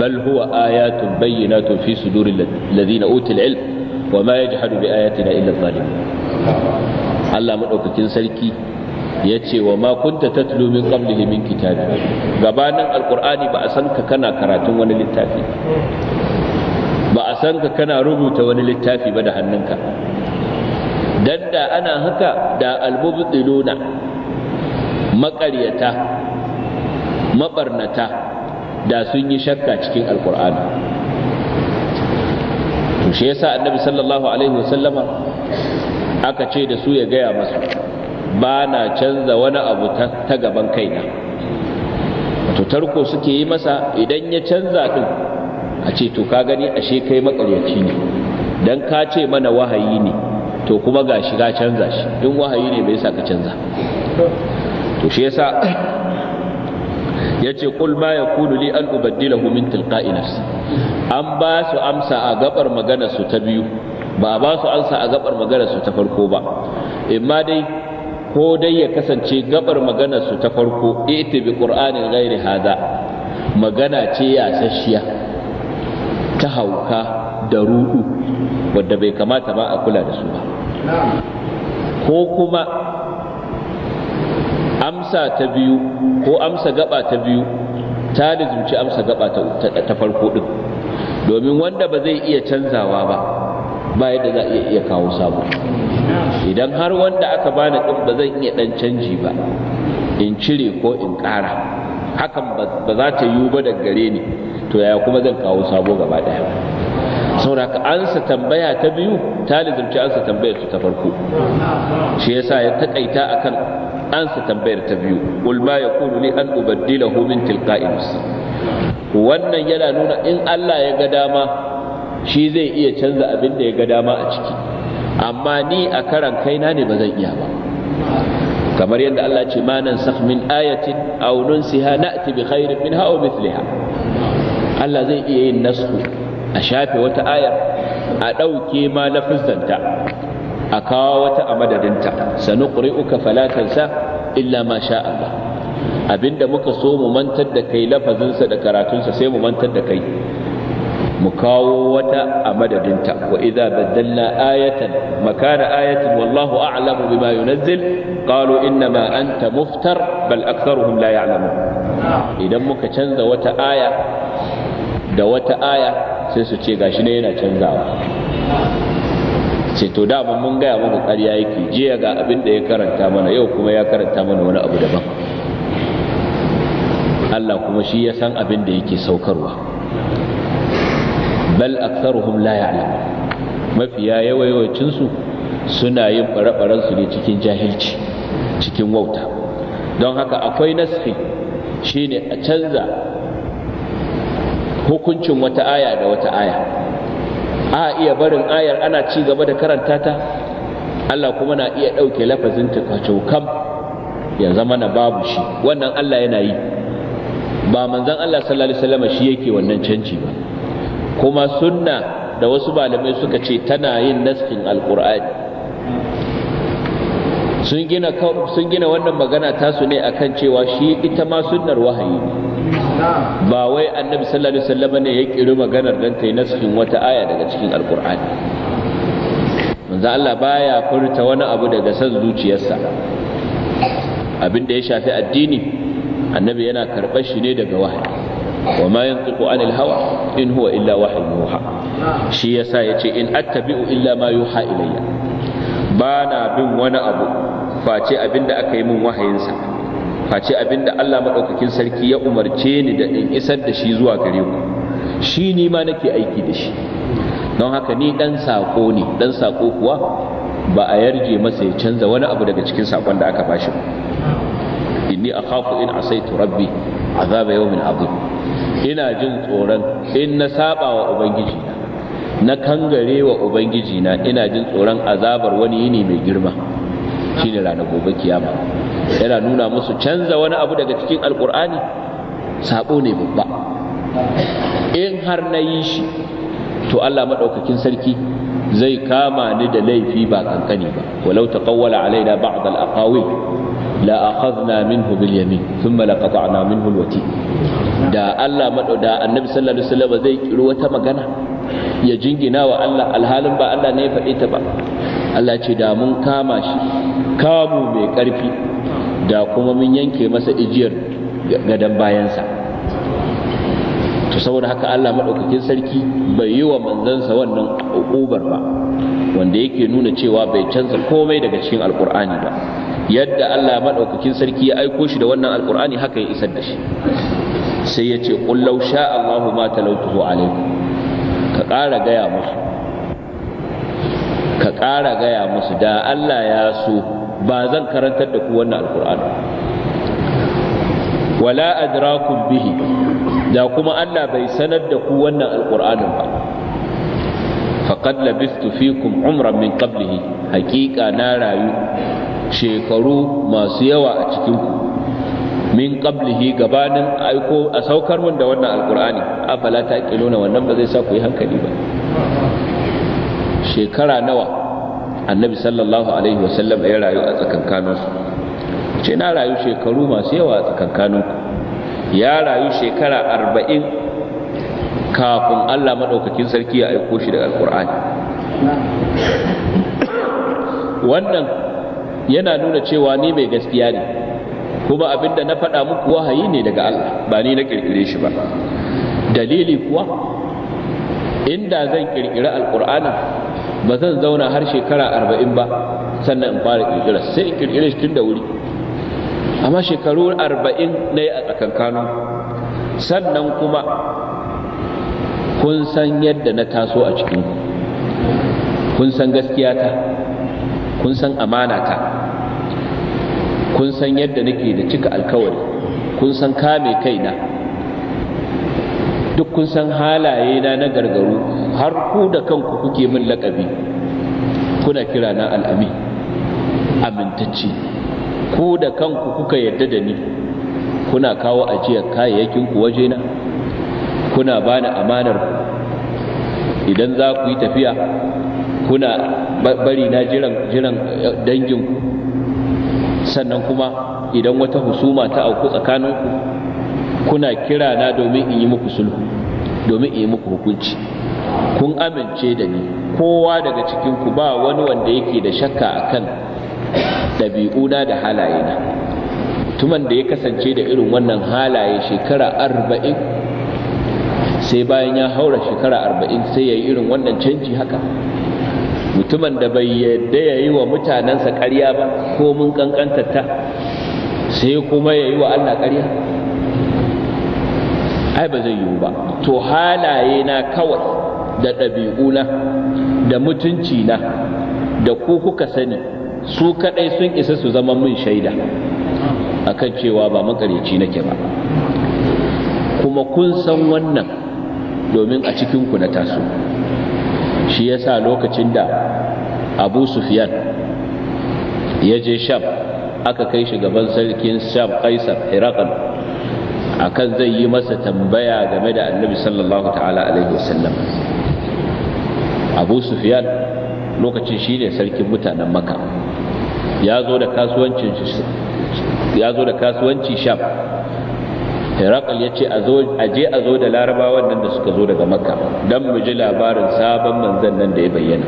بل هو آيات بينات في صدور الذين أوتوا العلم wa ma ya jihadu bi ayatina illa zalimun Allah madaukakin sarki ya ce wa ma kunta tatlu min qablihi min kitabi gabanin alqur'ani ba a san ka kana karatun wani littafi ba a san ka kana rubuta wani littafi ba da hannunka dan da ana haka da almubtiluna maƙaryata maɓarnata, da sun yi shakka cikin alqur'ani to shi yasa annabi sallallahu alaihi wasallama aka ce da su ya gaya masu ba na canza wani abu ta gaban kaina to tarko suke yi masa idan ya canza din a ce to ka gani ashe kai makaryaci ne dan ka ce mana wahayi ne to kuma ga shi ka canza shi in wahayi ne bai sa ka canza to shi yasa yace ce ma ya li an ubaddilahu min tilqa'i nafsi an ba su amsa a gabar magana su ta biyu ba ba su amsa a gabar magana su ta farko ba imma dai ko dai ya kasance gabar magana su ta farko ita bi qur'anin ghairi hada magana ce ya sashiya ta hauka da ruɗu. wadda bai kamata ba a kula da su ba ko kuma amsa ta biyu ko amsa gaba ta biyu ta zuci amsa gaba ta farko din domin wanda ba zai iya canzawa ba ba yadda za iya iya kawo sabo idan har wanda aka bani ɗin ba zan iya ɗan canji ba in cire ko in ƙara hakan ba za ta yiwu ba daga gare ni to yaya kuma zan kawo sabo gaba ɗaya saboda ka ansa tambaya ta biyu ta lizumci ansa tambayar ta farko shi yasa ya takaita akan ansa tambayar ta biyu qul ma yakunu li an ubaddilahu min tilqa'i nafsi wannan yana nuna in Allah ya ga dama shi zai iya canza abin da ya ga dama a ciki amma ni a karan kaina ne ba zan iya ba kamar yadda Allah ce ma nan sakh min ayatin aw nunsiha na'ti bi khairin minha aw mithliha Allah zai iya yin nasku a shafe wata ayar a ɗauke ma lafuzzanta a kawo wata a madadinta sanu ƙuri'uka falatansa illa ma sha Allah abinda muka so mu mantar da kai lafazinsa da karatunsa sai mu mantar da kai mu kawo wata a madadinta wa idza baddalna ayatan makana ayatin wallahu a'lamu bima yunazzil qalu inna ma anta muftar bal aktharuhum la ya'lamun idan muka canza wata aya da wata aya sai su ce gashi ne yana canzawa ce to da mun gaya muku ƙarya yake jiya ga abin da ya karanta mana yau kuma ya karanta mana wani abu daban Allah kuma shi ya san abin da yake saukarwa bal aktharuhum la ya'lam mafiya yawayawancin su suna yin bare su ne cikin jahilci cikin wauta don haka akwai naskhi shine a canza hukuncin wata aya da wata aya a iya barin ayar ana ci gaba da karanta ta Allah kuma na iya ɗauke lafazin kam ya zama na babu shi wannan Allah yana yi ba manzan Allah sallallahu alaihi wasallam shi yake wannan canji ba kuma sunna da wasu malamai suka ce tana yin naskin alqur'ani sun gina wannan magana tasu ne akan cewa shi ita ma sunnar wahayi ne ba wai annabi sallallahu alaihi wasallam ne ya kiri maganar dan tai naskin wata aya daga cikin alqur'ani manzo Allah baya furta wani abu daga san zuciyarsa abin da ya shafi addini annabi yana karɓar shi ne daga wahayi wa ma yantiqu anil hawa in huwa illa wahyu yuha shi yasa yace in attabi'u illa ma yuha ilayya na bin wani abu face abin da aka yi min wahayinsa face da Allah maɗaukakin sarki ya umarce ni da in isar da shi zuwa gare ku shi ni ma nake aiki da shi don haka ni dan sako ne dan sako kuwa ba a yarje masa ya canza wani abu daga cikin sakon da aka bashi inni akhafu in asaitu rabbi azaba yawmin azim ina jin tsoron in na saba wa ubangiji na kangare wa ubangiji na ina jin tsoron azabar wani yini mai girma shine ranar gobe kiyama yana nuna musu canza wani abu daga cikin alkur'ani sabo ne babba in har na yi shi to Allah maɗaukakin sarki zai kama ni da laifi ba kankani ba walau taqawwala alaina ba'd al-aqawil la akhadna minhu bil yamin thumma qata'na minhu al-wati da Allah da annabi sallallahu alaihi wasallam zai kiro wata magana ya jingina wa Allah alhalin ba Allah ne ya faɗe ta ba Allah ce da mun kama shi kamu mai ƙarfi da kuma mun yanke masa ijiyar gadan bayansa to saboda haka Allah madaukakin sarki bai yi wa manzansa wannan ukubar ba wanda yake nuna cewa bai canza komai daga cikin alkur'ani ba yadda Allah madaukakin sarki ya aiko shi da wannan alkur'ani haka ya isar da shi sai ya ce law sha'a Allahu ma talawtuhu alaykum ka ƙara gaya musu ka ƙara gaya musu da Allah ya so ba zan karantar da ku wannan alkur'ani wala adrakum bihi da kuma Allah bai sanar da ku wannan alkur'anin ba faqad labistu fikum umran min qablihi haqiqa na rayu shekaru masu yawa a cikin ku min qablihi gabanin aiko a saukar da wannan alkur'ani afala taqiluna wannan ba zai sa ku yi hankali ba shekara nawa annabi sallallahu alaihi wasallam ya rayu a tsakankaninsu ce na rayu shekaru masu yawa a tsakankaninku ya rayu shekara arba'in kafin allah maɗaukakin sarki ya aiko shi da alkur'ani wannan yana nuna cewa ni mai gaskiya ne kuma abinda na faɗa muku wahayi ne daga allah ba ni na ƙirƙire shi ba dalili kuwa inda zan ƙirƙiri alkur'anin ba zan zauna har shekara arba'in ba sannan in fara kirkira sai in kirkire shi tun da wuri amma shekaru arba'in na yi a tsakankanu sannan kuma kun san yadda na taso a cikin kun san gaskiya ta, kun san amana ta, kun san yadda nake da cika alkawari kun san kame kaina duk kun san halaye na na gargaru har ku da kanku kuke min lakabi, kuna kira na al'ami amintacce ku da kanku kuka yadda da ni kuna kawo ajiyar kayayyakin ku wajena kuna bani amanar ku. idan za ku yi tafiya kuna bari na jiran jiran eh, danginku sannan kuma idan wata husuma ta auku tsakaninku kuna kira na domin in yi muku sulhu domin in yi muku hukunci kun amince da ni kowa daga cikin ku ba wani wanda yake da shakka akan ɗabi'una da halaye na. tuman da ya kasance da irin wannan halaye shekara arba'in sai bayan ya haura shekara arba'in sai ya yi irin wannan canji haka mutumin da bai yadda ya yi wa mutanensa ƙarya ba ko mun ƙanƙantarta sai kuma ya yi wa Allah ƙarya ai ba zai yiwu ba to halaye na kawai da ɗabi'una da mutunci na da ku kuka sani su kaɗai sun isa su zama min shaida A kan cewa ba makareci nake ba kuma kun san wannan domin a cikinku na taso shi ya sa lokacin da abu sufyan ya je sham aka kai shi gaban sarkin sham kaisar iraqan akan zai yi masa tambaya game da annabi sallallahu ta'ala alaihi wasallam abu sufyan lokacin shi ne sarkin mutanen maka ya zo da kasuwanci sham herakal ya ce a je a zo da larabawan nan da suka zo daga makka don mu ji labarin sabon manzan nan da ya bayyana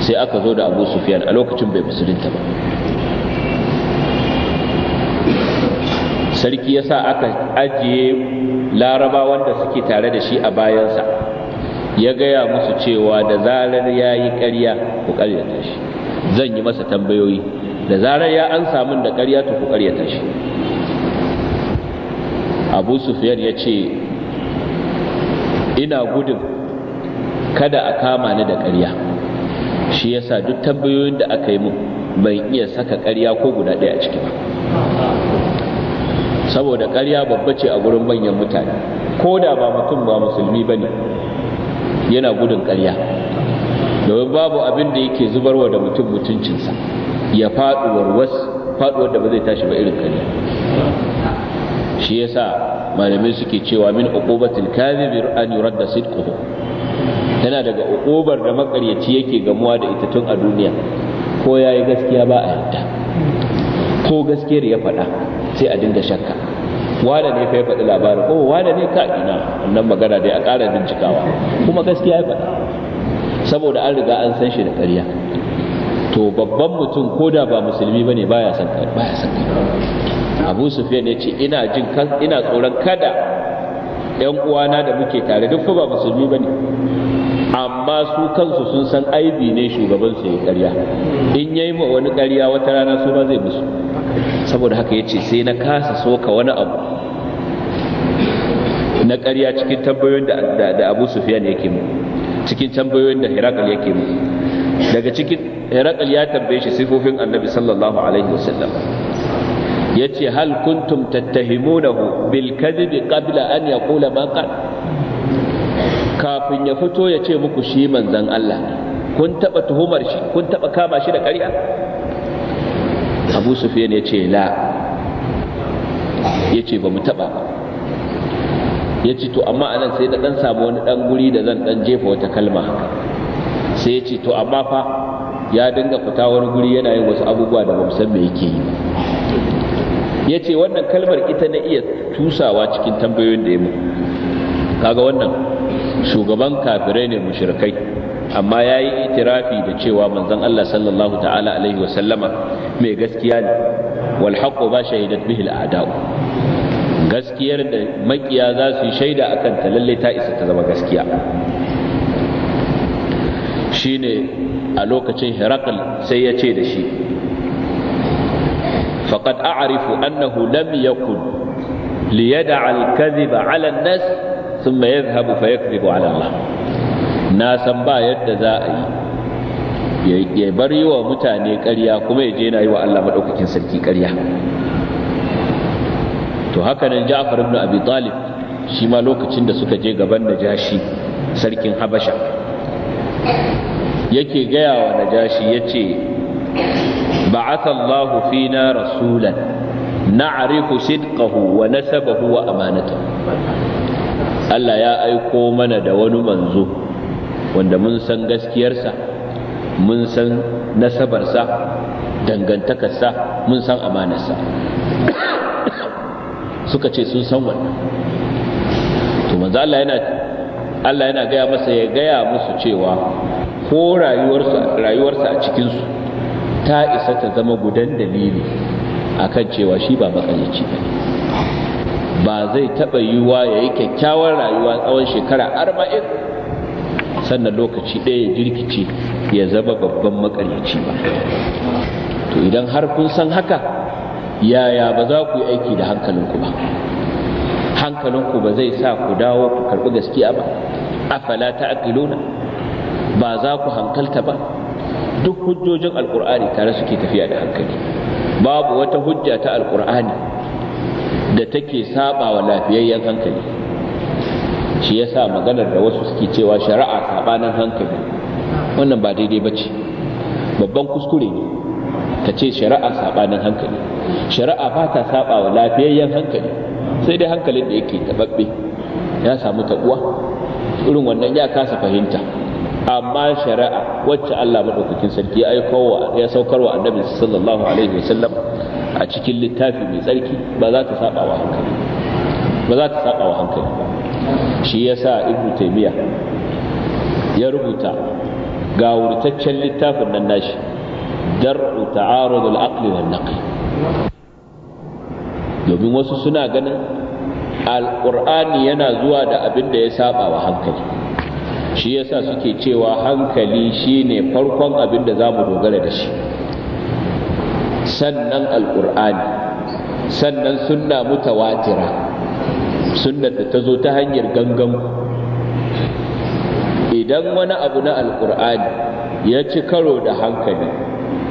sai aka zo da abu sufiyan a lokacin bai musulunta ba sarki ya sa aka ajiye larabawan da suke tare da shi a bayansa ya gaya musu cewa da zarar ya yi ƙarya ku ƙaryata shi zan yi masa tambayoyi da zarar ya an samun da ƙarya to ku ƙaryata shi abu sufiyar ya ce ina gudun kada a kama ni da ƙarya shi ya sa duk tambayoyin da aka yi min ban iya saka ƙarya ko guda ɗaya a ciki ba saboda ƙarya babba ce a gurin manyan mutane ko da ba mutum ba musulmi ba ne yana gudun karya domin babu abin da yake zubarwa da mutum mutuncinsa ya faduwar wasu faduwar da ba zai tashi ba irin karya. shi yasa malamai suke cewa min uqubatil kadhib an yuradda sidquhu tana daga uqubar da makaryaci yake gamuwa da ita tun a duniya ko yayi gaskiya ba a yadda ko gaskiyar ya faɗa sai a dinga shakka wane ne fa ya faɗi labarin ko wane ne ka ina wannan magana dai a ƙara bincikawa kuma gaskiya ya faɗa saboda an riga an san shi da ƙarya to babban mutum ko da ba musulmi ba ne baya san baya san abu sufiyan ya ce ina jin ina tsoron kada yan uwana da muke tare duk ba musulmi ba ne amma su kansu sun san aibi ne shugaban su ya ƙarya in yi ma wani ƙarya wata rana su ba zai musu saboda haka ya ce sai na kasa soka wani abu na ƙarya cikin tambayoyin da abu sufiyan yake mu cikin tambayoyin da hirakal yake mu daga cikin hirakal ya tambaye shi sifofin annabi sallallahu alaihi wasallam ya ce hal kuntum tattahimunahu bil kadhibi qabla an yaqula ma qad kafin ya fito ya ce muku shi manzan Allah kun taba tuhumar shi kun taba kama shi da ƙarya abu sufiyan ya ce la ya ce ba mu taba ba ya ce to amma anan sai na dan samu wani dan guri da zan dan jefa wata kalma sai ya ce to amma fa ya dinga fita wani guri yana yin wasu abubuwa da ba san me yake yi ya ce wannan kalmar ita na iya tusawa cikin tambayoyin da ya mu kaga wannan shugaban kafirai ne mushrikai amma ya yi itirafi da cewa manzon Allah sallallahu ta'ala alaihi wa sallama mai gaskiya ne wal haqqu ba shahidat bihi al a'da'u gaskiyar da makiya za su yi shaida a kanta lalle ta isa ta zama gaskiya shi ne a lokacin herakal sai ya ce da shi faƙad arifu annahu lam yakun liyada alkaziba ala nas sun mai yadhabu fa yakzibu ala Allah na san ba yadda za a yi ya bar yi wa mutane ƙarya kuma ya je na yi wa Allah maɗaukakin sarki ƙarya to haka nan Ja'far ibn Abi Talib shi ma lokacin da suka je gaban Najashi sarkin Habasha yake gaya wa Najashi yace ba'atha Allah fina rasulan na'rifu sidqahu wa nasabahu wa amanatahu Allah ya aiko mana da wani manzo wanda mun san gaskiyarsa mun san nasabarsa dangantakarsa mun san amanarsa suka ce sun san wannan to manzo Allah yana Allah yana gaya masa ya gaya musu cewa ko rayuwarsa rayuwarsa a cikin su ta isa ta zama gudan dalili akan cewa shi ba makalici ba ba zai taba yiwa yayi kyakkyawar rayuwa tsawon shekara 40 sannan lokaci ɗaya ya jirkice ya zama babban makalici ba to idan har kun san haka yaya ba za ku yi aiki da hankalinku ba hankalinku ba zai sa ku dawo ku karɓi gaskiya ba afala ta'qiluna ba za ku hankalta ba duk hujjojin alkur'ani tare suke tafiya da hankali babu wata hujja ta alkur'ani da take saba wa lafiyayyen hankali shi yasa maganar da wasu suke cewa shari'a sabanan hankali wannan ba daidai ba ce babban kuskure ne ta ce shari'a sabanin hankali shari'a ba ta saba wa lafiyayyen hankali sai dai hankalin da yake tababbe ya samu tabuwa irin wannan ya kasa fahimta amma shari'a wacce Allah madaukakin sarki ya aikowa ya saukarwa annabi sallallahu alaihi wasallam a cikin littafi mai tsarki ba za ta saba wa hankali ba za ta saba wa hankali shi yasa ibnu taymiya ya rubuta ga wurtaccen littafin nan nashi dar'u ta'arud al-aqli domin wasu suna ganin Alƙur'ani yana zuwa da abin da ya saba wa hankali shi yasa suke cewa hankali shine farkon abin da zamu dogara da shi sannan Alƙur'ani sannan sunna mutawatira sunnar da ta zo ta hanyar gangan idan wani abu na Alƙur'ani ya ci karo da hankali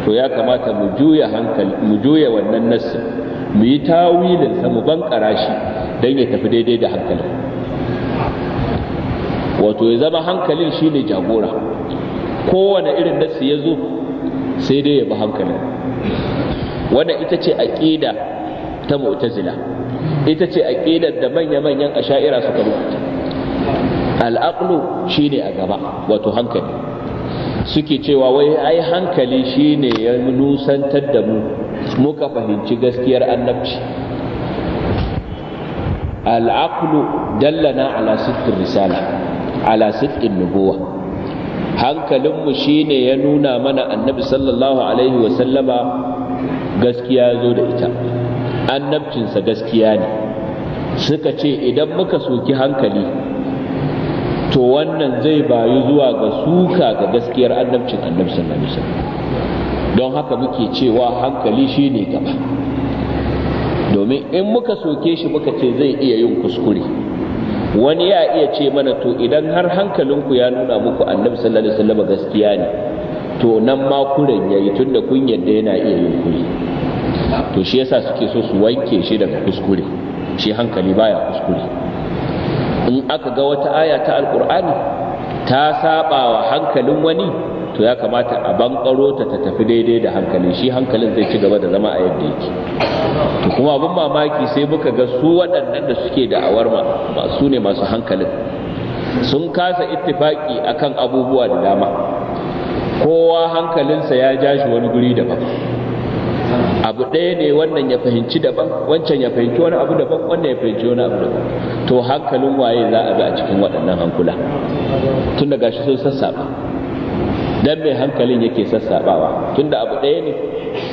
to ya kamata mu juya hankali mu juya wannan nassi mu yi tawilin sa mu bankara shi dan ya tafi daidai da hankalin wato ya zama hankalin shine jagora kowane irin nassi ya zo sai dai ya bi hankalin wanda ita ce aqida ta mu'tazila ita ce aqidar da manya-manyan asha'ira suka rubuta al'aqlu shine a gaba wato hankali suke cewa wai ai hankali shine ya nusantar da mu muka fahimci gaskiyar annabci al'aqlu dallana ala sidqir risala ala sidqin nubuwa hankalinmu shine ya nuna mana annabi sallallahu alaihi wa sallama gaskiya zo da ita annabcinsa gaskiya ne suka ce idan muka soki hankali to wannan zai bayu zuwa ga suka ga gaskiyar annabcin annabi sallallahu don haka muke cewa hankali shi ne gaba domin in muka soke shi muka ce zai iya yin kuskure wani ya iya ce mana to idan har hankalinku ya nuna muku annabi sallallahu alaihi gaskiya ne to nan ma kuren yayi tunda kun yadda yana iya yin kuri to shi yasa suke so su wanke shi daga kuskure shi hankali baya kuskure in aka ga wata aya ta alkur'ani ta saba wa hankalin wani to ya kamata a bankaro ta ta tafi daidai da hankali shi hankalin zai ci gaba da zama a yadda yake to kuma abin mamaki sai muka ga su waɗannan da suke da awarma su ne masu hankalin sun kasa ittifaki akan abubuwa da dama kowa hankalinsa ya jashi wani guri daban abu ɗaya ne wannan ya fahimci daban wancan ya fahimci wani abu daban wannan ya fahimci wani abu daban to hankalin waye za a bi a cikin waɗannan hankula tun daga gashi sun sassaɓa dan mai hankalin yake sassaɓawa tun da abu ɗaya ne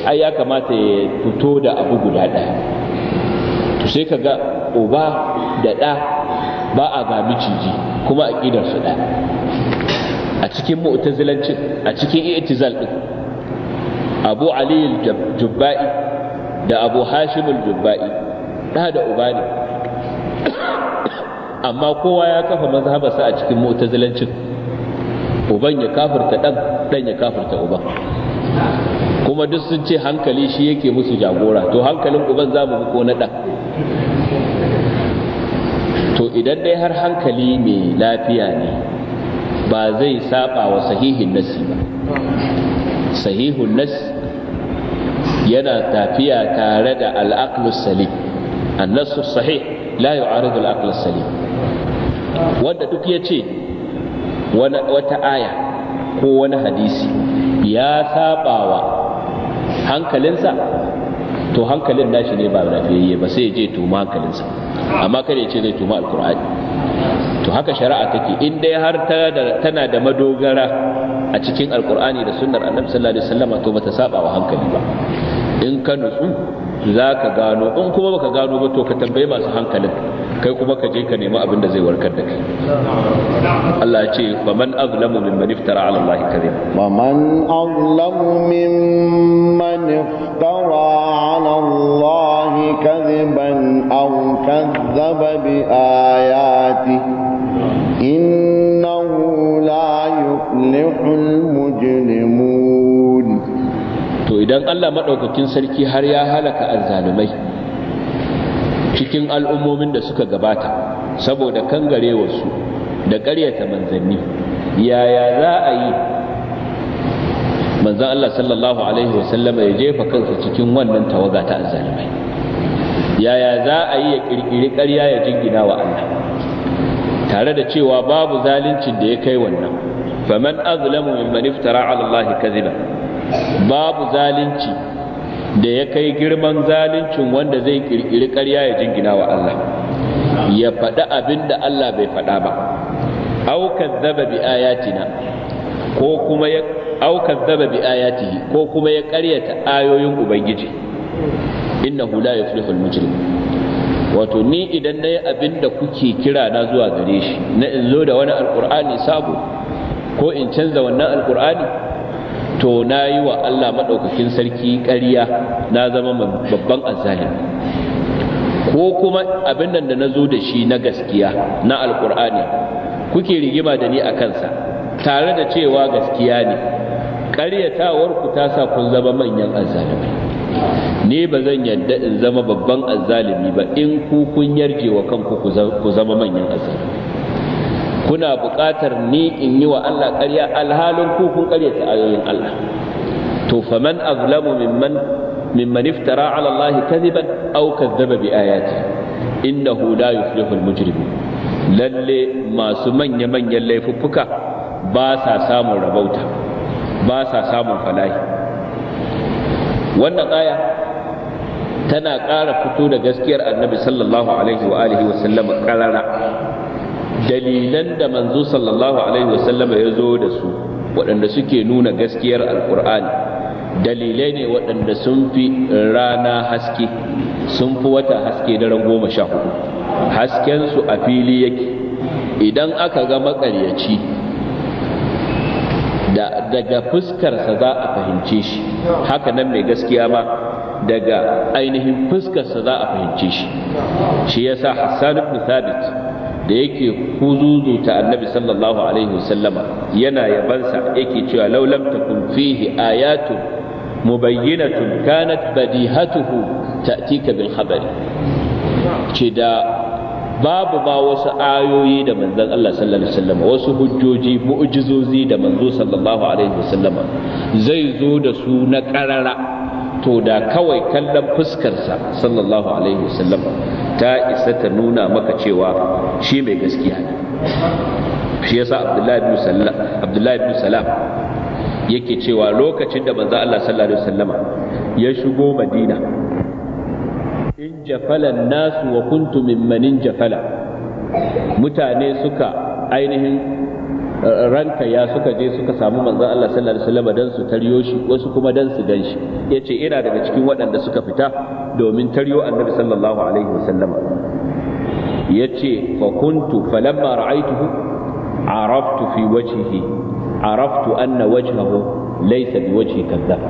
ai ya kamata ya fito da abu guda ɗaya to sai ka ga uba da ɗa ba a ga miciji kuma ƙidar su ɗaya a cikin mu'tazilancin a cikin i'tizal ɗin abu ali jubba'i da abu hashim jubba'i da da uba ne amma kowa ya kafa mazhabarsa a cikin mu'tazilancin uban ya kafirta dan dan ya kafirta uban kuma duk sun ce hankali shi yake musu jagora to hankalin uban za mu bi ko na dan to idan dai har hankali mai lafiya ne ba zai saba wa sahihin nasi ba sahihun nasi yana tafiya tare da al'aqlus salim annasu sahih la yu'aridu al'aqlus salim wanda duk ya ce wata aya ko wani hadisi ya sabawa hankalinsa to hankalin nashi ne ba lafiyayye ba sai je tuma hankalinsa amma kada ya ce zai tuma alkur'ani to haka shari'a take in dai har tana da madogara a cikin alkur'ani da sunnar annabi sallallahu alaihi wasallam to bata saba wa hankali ba in ka nutsu za ka gano in kuma baka gano ba to ka tambayi masu hankalin kai kuma ka je ka nemi abin da zai warkar da kai Allah ya ce man azlamu mimman iftara ala Allah kadhib man azlamu mimman iftara ala Allah kadhiban aw kadhaba bi ayatihi Idan Allah maɗaukakin sarki har ya halaka azzalumai cikin al'ummomin da suka gabata saboda kangarewarsu da ƙaryata manzanni yaya za a yi manzan Allah sallallahu alaihi wasallama ya jefa kansa cikin wannan tawaga ta azzalumai yaya za a yi ya ƙirƙiri ƙarya ya jingina wa Allah tare da cewa babu zaluncin da ya kai wannan faman azlamu mimman iftara ala Allah kadhiba babu zalunci da ya kai girman zaluncin wanda zai kirkiri ƙarya ya jingina wa Allah ya faɗi abin da Allah bai faɗa ba aukar zaba bi ayatina ko kuma ya aukar zaba bi ayatihi ko kuma ya ƙaryata ayoyin ubangiji innahu la yuflihul mujrim wato ni idan nayi abin da kuke kira na zuwa gare shi na in zo da wani alqur'ani sabo ko in canza wannan alqur'ani to na yi wa Allah maɗaukakin sarki ƙarya na zama babban azzalimi ko kuma abin nan da na zo da shi na gaskiya na alkur'ani kuke rigima da ni a kansa tare da cewa gaskiya ne ƙaryatawar ku ta sa kun zama manyan azalimi ne ba zan yadda in zama babban azalimi ba in ku kun yarje wa kanku ku zama manyan azalimi kuna buƙatar ni in yi wa Allah ƙarya alhalin ku kun ƙaryata ayoyin Allah to faman azlamu mimman mimman iftara ala Allah kadhiban aw kadhaba bi ayati innahu la yuflihu al lalle masu manya manyan laifuffuka ba sa samun rabauta ba sa samun falahi wannan aya tana ƙara fito da gaskiyar annabi sallallahu alaihi wa alihi wa sallama ƙarara dalilan da manzo sallallahu alaihi wasallama ya zo da su waɗanda suke nuna gaskiyar alkur'ani dalilai ne waɗanda sun fi rana haske sun fi wata haske daren goma sha hudu haskensu a fili yake idan aka ga makaryaci daga fuskarsa za a fahimce shi haka nan mai gaskiya ma daga ainihin fuskarsa za a fahimce shi shi yasa hassan ibn thabit da yake huzuzuta annabi sallallahu alaihi wasallama yana yabansa yake cewa law lam takun fihi ayatun mubayyinatun kanat badihatuhu ta'tika bil khabari ce da babu ba wasu ayoyi da manzon Allah sallallahu alaihi wasallama wasu hujjoji mu'jizozi da manzo sallallahu alaihi wasallama zai zo da su na karara to da kawai kallon fuskarsa sallallahu alaihi wasallam ta isa ta nuna maka cewa shi mai gaskiya ne shi yasa abdullahi bin salam yake cewa lokacin da manzo Allah sallallahu alaihi wasallama ya shigo madina in jafala nasu wa kuntu mimman jafala mutane suka ainihin ranka ya suka je suka samu manzon Allah sallallahu alaihi wasallam dan su taryo shi wasu kuma dan su gan shi yace ina daga cikin waɗanda suka fita domin taryo annabi sallallahu alaihi wasallam yace fa kuntu falamma ra'aytuhu araftu fi wajhihi araftu anna wajhahu laysa bi wajhi kadhab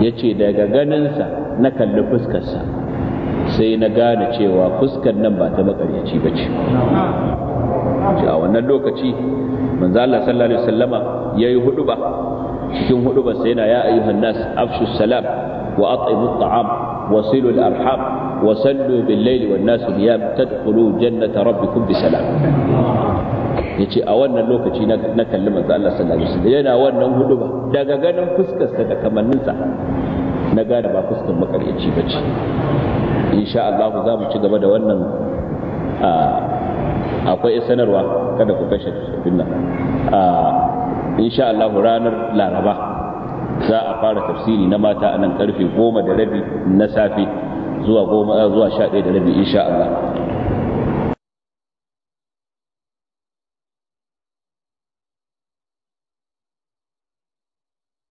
yace daga ganinsa na kalli fuskarsa sai na gane cewa fuskar nan ba ta makaryaci bace shi a wannan lokaci manzo Allah sallallahu alaihi wasallama yayi huduba cikin hudubar sai yana ya ayyuhan nas afshu salam wa at'imu at'am wa silu al-arham wa sallu bil-layli wan-nas niyam tadkhulu jannata rabbikum bi salam yace a wannan lokaci na kalli manzo Allah sallallahu alaihi wasallam yana wannan huduba daga ganin fuskarsa da kamanninsa na gane ba fuskar makaryaci bace insha Allah za mu ci gaba da wannan ah, akwai sanarwa kada ku kashe tafin nan insha Allah ranar laraba za a fara tafsiri na mata a nan karfe goma da rabi na safe zuwa goma zuwa sha ɗaya da rabi insha Allah